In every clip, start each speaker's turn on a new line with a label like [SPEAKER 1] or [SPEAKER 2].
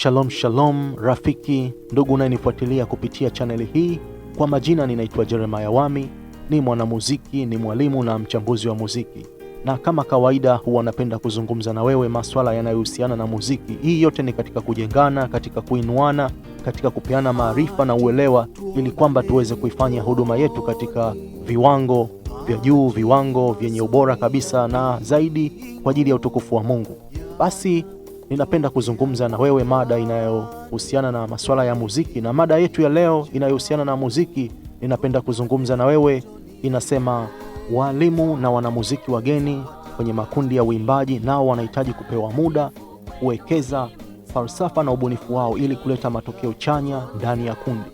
[SPEAKER 1] Shalom shalom, rafiki ndugu unayenifuatilia kupitia chaneli hii. Kwa majina ninaitwa Jeremiah Wami, ni mwanamuziki, ni mwalimu na mchambuzi wa muziki, na kama kawaida huwa napenda kuzungumza na wewe maswala yanayohusiana na muziki. Hii yote ni katika kujengana, katika kuinuana, katika kupeana maarifa na uelewa, ili kwamba tuweze kuifanya huduma yetu katika viwango vya juu, viwango vyenye ubora kabisa, na zaidi kwa ajili ya utukufu wa Mungu. Basi ninapenda kuzungumza na wewe mada inayohusiana na masuala ya muziki, na mada yetu ya leo inayohusiana na muziki ninapenda kuzungumza na wewe inasema, walimu na wanamuziki wageni kwenye makundi ya uimbaji nao wanahitaji kupewa muda kuwekeza falsafa na ubunifu wao ili kuleta matokeo chanya ndani ya kundi.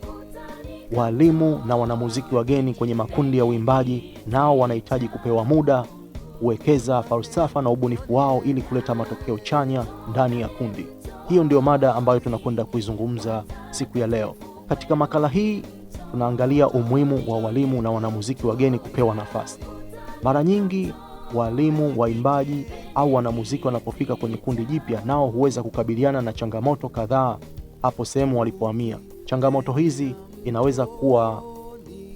[SPEAKER 1] Walimu na wanamuziki wageni kwenye makundi ya uimbaji nao wanahitaji kupewa muda kuwekeza falsafa na ubunifu wao ili kuleta matokeo chanya ndani ya kundi. Hiyo ndio mada ambayo tunakwenda kuizungumza siku ya leo. Katika makala hii tunaangalia umuhimu wa walimu na wanamuziki wageni kupewa nafasi. Mara nyingi walimu, waimbaji au wanamuziki wanapofika kwenye kundi jipya, nao huweza kukabiliana na changamoto kadhaa hapo sehemu walipohamia. Changamoto hizi inaweza kuwa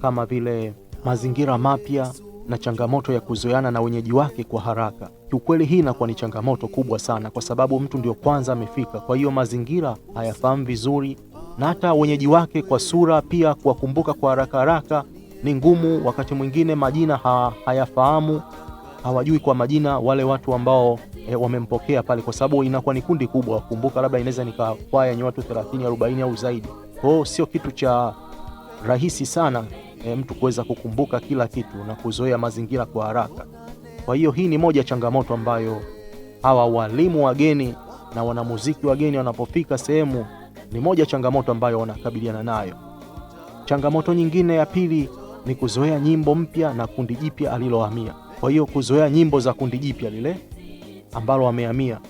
[SPEAKER 1] kama vile mazingira mapya, na changamoto ya kuzoeana na wenyeji wake kwa haraka. Kiukweli hii inakuwa ni changamoto kubwa sana, kwa sababu mtu ndio kwanza amefika, kwa hiyo mazingira hayafahamu vizuri, na hata wenyeji wake kwa sura pia kuwakumbuka kwa haraka haraka ni ngumu. Wakati mwingine majina ha, hayafahamu, hawajui kwa majina wale watu ambao e, wamempokea pale, kwa sababu inakuwa ni kundi kubwa. Wakumbuka labda inaweza nikakwaya yenye watu 30 40 au zaidi, kwao sio kitu cha rahisi sana e, mtu kuweza kukumbuka kila kitu na kuzoea mazingira kwa haraka. Kwa hiyo hii ni moja changamoto ambayo hawa walimu wageni na wanamuziki wageni wanapofika sehemu, ni moja changamoto ambayo wanakabiliana nayo. Changamoto nyingine ya pili ni kuzoea nyimbo mpya na kundi jipya alilohamia. Kwa hiyo kuzoea nyimbo za kundi jipya lile ambalo amehamia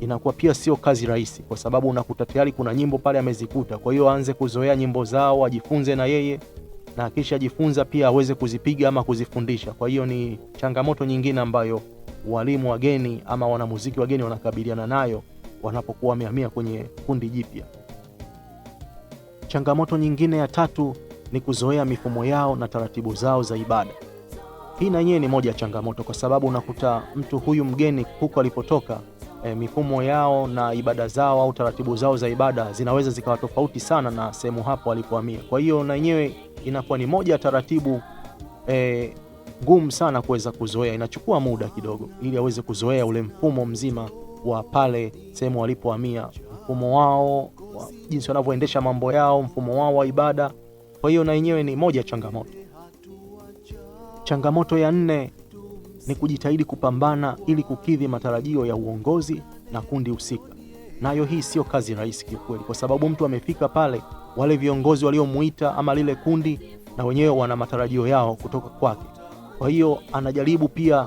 [SPEAKER 1] inakuwa pia sio kazi rahisi, kwa sababu unakuta tayari kuna nyimbo pale amezikuta. Kwa hiyo aanze kuzoea nyimbo zao, ajifunze na yeye na kisha jifunza pia aweze kuzipiga ama kuzifundisha. Kwa hiyo ni changamoto nyingine ambayo walimu wageni ama wanamuziki wageni wanakabiliana nayo wanapokuwa wamehamia kwenye kundi jipya. Changamoto nyingine ya tatu ni kuzoea mifumo yao na taratibu zao za ibada. Hii na yeye ni moja ya changamoto, kwa sababu unakuta mtu huyu mgeni huko alipotoka e, mifumo yao na ibada zao au taratibu zao za ibada zinaweza zikawa tofauti sana na sehemu hapo walipohamia. Kwa hiyo na yenyewe inakuwa ni moja ya taratibu eh, ngumu sana kuweza kuzoea, inachukua muda kidogo ili aweze kuzoea ule mfumo mzima wa pale sehemu walipohamia, mfumo wao wa, jinsi wanavyoendesha mambo yao, mfumo wao wa ibada. Kwa hiyo na yenyewe ni moja ya changamoto. Changamoto ya nne ni kujitahidi kupambana ili kukidhi matarajio ya uongozi na kundi husika. Nayo hii sio kazi rahisi kiukweli, kwa sababu mtu amefika pale, wale viongozi waliomuita ama lile kundi, na wenyewe wana matarajio yao kutoka kwake. Kwa hiyo anajaribu pia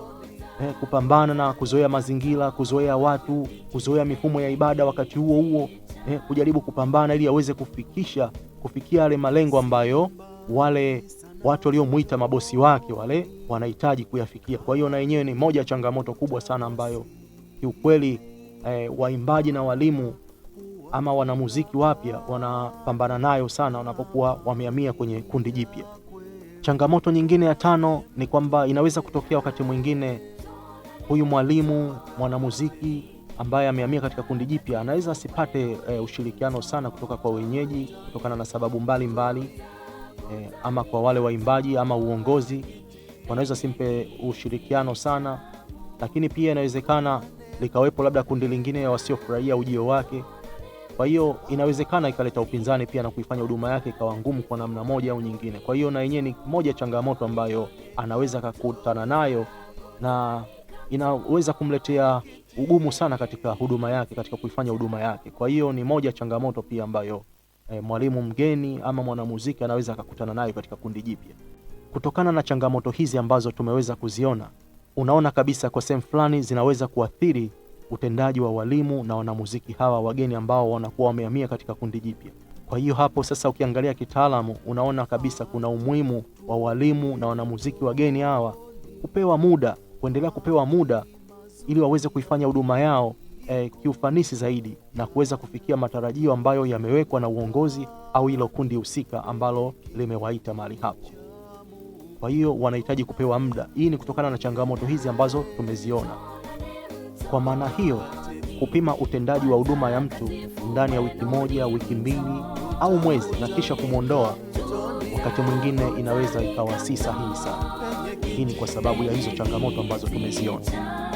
[SPEAKER 1] eh, kupambana na kuzoea mazingira, kuzoea watu, kuzoea mifumo ya ibada, wakati huo huo eh, kujaribu kupambana ili aweze kufikisha kufikia yale malengo ambayo wale watu waliomwita mabosi wake wale wanahitaji kuyafikia. Kwa hiyo na yenyewe ni moja changamoto kubwa sana ambayo kiukweli eh, waimbaji na walimu ama wanamuziki wapya wanapambana nayo sana wanapokuwa wamehamia kwenye kundi jipya. Changamoto nyingine ya tano ni kwamba inaweza kutokea wakati mwingine huyu mwalimu mwanamuziki ambaye amehamia katika kundi jipya anaweza asipate e, ushirikiano sana kutoka kwa wenyeji kutokana na sababu mbalimbali mbali eh, ama kwa wale waimbaji ama uongozi wanaweza simpe ushirikiano sana, lakini pia inawezekana likawepo labda kundi lingine wasiofurahia ujio wake. Kwa hiyo inawezekana ikaleta upinzani pia na kuifanya huduma yake ikawa ngumu kwa namna moja au nyingine. Kwa hiyo na yenyewe ni moja changamoto ambayo anaweza kukutana nayo na inaweza kumletea ugumu sana katika huduma yake, katika kuifanya huduma yake. Kwa hiyo ni moja changamoto pia ambayo e, mwalimu mgeni ama mwanamuziki anaweza akakutana nayo katika kundi jipya. Kutokana na changamoto hizi ambazo tumeweza kuziona, unaona kabisa kwa sehemu fulani zinaweza kuathiri utendaji wa walimu na wanamuziki hawa wageni ambao wanakuwa wamehamia katika kundi jipya. Kwa hiyo hapo sasa, ukiangalia kitaalamu, unaona kabisa kuna umuhimu wa walimu na wanamuziki wageni hawa kupewa muda, kuendelea kupewa muda ili waweze kuifanya huduma yao eh, kiufanisi zaidi na kuweza kufikia matarajio ambayo yamewekwa na uongozi au hilo kundi husika ambalo limewaita mahali hapo. Kwa hiyo wanahitaji kupewa muda. Hii ni kutokana na changamoto hizi ambazo tumeziona. Kwa maana hiyo, kupima utendaji wa huduma ya mtu ndani ya wiki moja, wiki mbili au mwezi na kisha kumwondoa, wakati mwingine inaweza ikawa si sahihi sana. Hii ni kwa sababu ya hizo changamoto ambazo tumeziona.